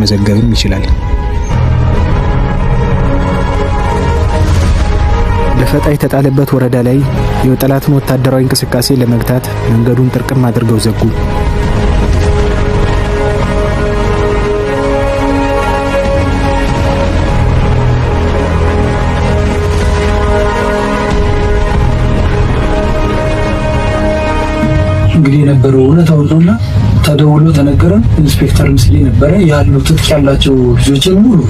መዘገብም ይችላል። ደፈጣ የተጣለበት ወረዳ ላይ የጠላትን ወታደራዊ እንቅስቃሴ ለመግታት መንገዱን ጥርቅም አድርገው ዘጉ። እንግዲህ የነበረው እውነት አውነውና ተደውሎ ተነገረን። ኢንስፔክተር ምስል ነበረ ያሉ ትጥቅ ያላቸው ልጆችን ሙሉ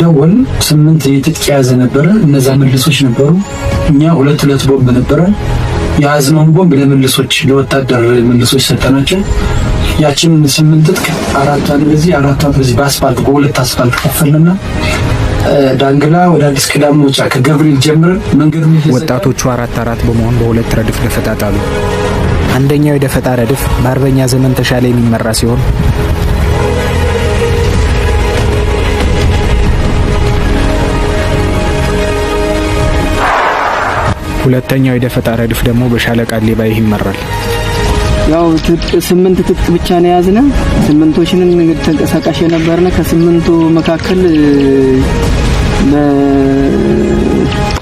ደወል ስምንት የትጥቅ የያዘ ነበረ። እነዛ መልሶች ነበሩ። እኛ ሁለት ሁለት ቦምብ ነበረ የያዝነውን ቦምብ ለመልሶች ለወታደር መልሶች ሰጠናቸው። ያችን ስምንት ትጥቅ አራቷን በዚህ አራቷን በዚህ በአስፋልት በሁለት አስፋልት ከፈልና ዳንግላ ወደ አዲስ ቅዳም መውጫ ከገብርኤል ጀምረን መንገድ ወጣቶቹ አራት አራት በመሆን በሁለት ረድፍ ደፈጣጣሉ። አንደኛው የደፈጣ ረድፍ በአርበኛ ዘመን ተሻለ የሚመራ ሲሆን ሁለተኛው የደፈጣ ረድፍ ደግሞ በሻለቃ ሌባይ ይመራል። ያው ስምንት ትጥቅ ብቻ ነው የያዝነ። ስምንቶችንን እንግዲህ ተንቀሳቃሽ የነበርነ ከስምንቱ መካከል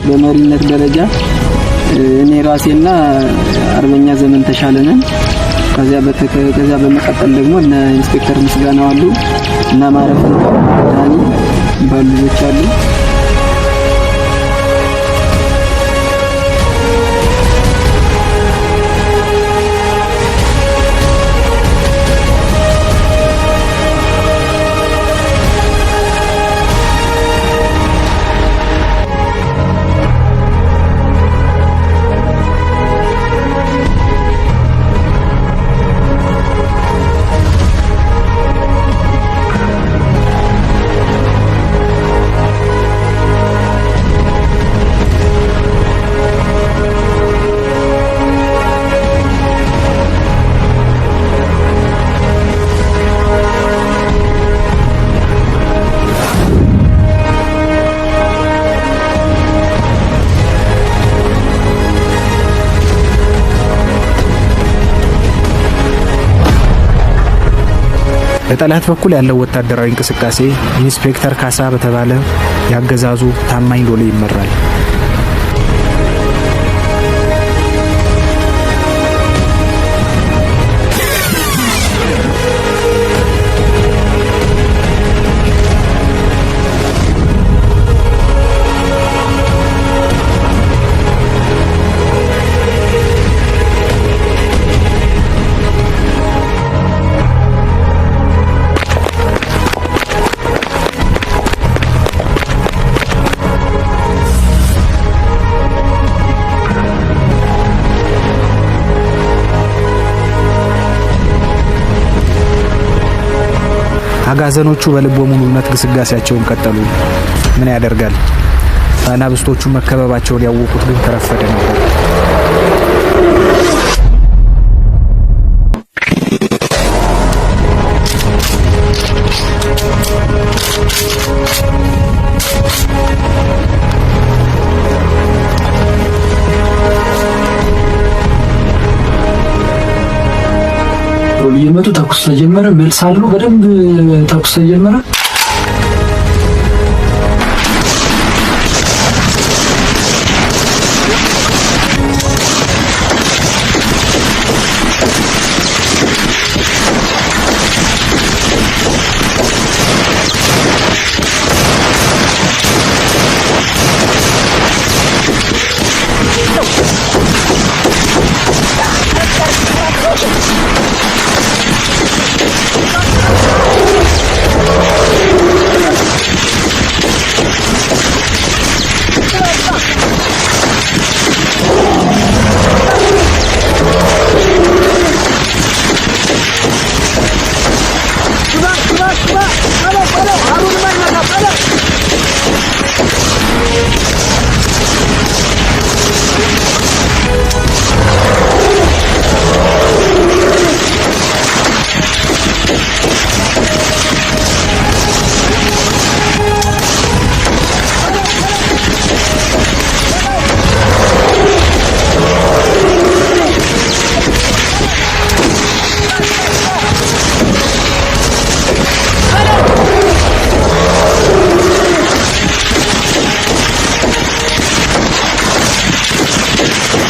በመሪነት ደረጃ እኔ ራሴና አርበኛ ዘመን ተሻለነን። ከዚያ ከዚያ በመቀጠል ደግሞ እነ ኢንስፔክተር ምስጋናው አሉ እና ማረፍ ዳኒ ባሉ ልጆች አሉ። በጠላት በኩል ያለው ወታደራዊ እንቅስቃሴ ኢንስፔክተር ካሳ በተባለ ያገዛዙ ታማኝ ሎሌ ይመራል። አጋዘኖቹ በልበ ሙሉነት ግስጋሴያቸውን ቀጠሉ። ምን ያደርጋል፣ በአናብስቶቹ መከበባቸውን ያወቁት ግን ከረፈደ ነበር። እየመጡ ተኩስ ተጀመረ። መልስ አሉ። በደንብ ተኩስ ተጀመረ።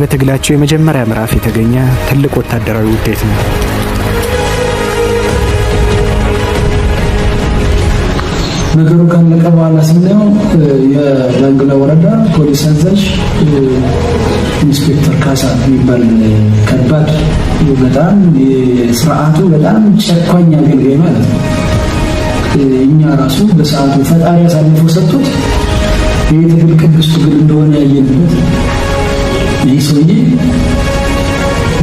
በትግላቸው የመጀመሪያ ምዕራፍ የተገኘ ትልቅ ወታደራዊ ውጤት ነው። ነገሩ ካለቀ በኋላ ስናየው የዳንግላ ወረዳ ፖሊስ አዛዥ ኢንስፔክተር ካሳ የሚባል ከባድ በጣም ስርዓቱ በጣም ጨኳኝ አገልጋይ ማለት ነው። እኛ ራሱ በሰዓቱ ፈጣሪ አሳልፎ ሰጥቶት የትግል ቅዱስ ትግል እንደሆነ ያየንበት ይህ ሰውዬ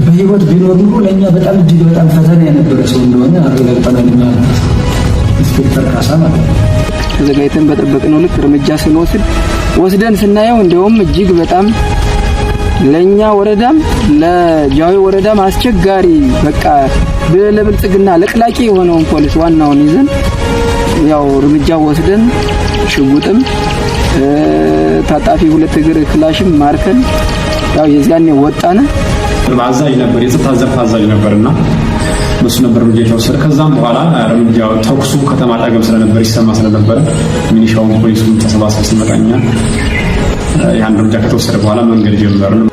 በህይወት ቢኖር ኑሮ ለእኛ በጣም እጅግ በጣም ፈተና የነበረ ሰው እንደሆነ አረጋግጠናል ማለት ነው። ኢንስፔክተር ካሳ ማለት ነው። ተዘጋጅተን በጠበቅነው ልክ እርምጃ ስንወስድ ወስደን ስናየው እንዲያውም እጅግ በጣም ለኛ ወረዳም ለጃዊ ወረዳም አስቸጋሪ በቃ ለብልጽግና ለቅላቂ የሆነውን ፖሊስ ዋናውን ይዘን ያው እርምጃ ወስደን ሽጉጥም ታጣፊ ሁለት እግር ክላሽም ማርከን ያው የዛኔ ወጣን። አዛዥ ነበር፣ የጸጥታ ዘርፍ አዛዥ ነበርና እሱ ነበር እርምጃ የተወሰደ። ከዛም በኋላ እርምጃው ተኩሱ ከተማ አጠገብ ስለነበር ይሰማ ስለነበረ ሚኒሻውን ፖሊሱን ተሰባሰብ ሲመጣኛ የአንድ እርምጃ ከተወሰደ በኋላ መንገድ ጀመርን።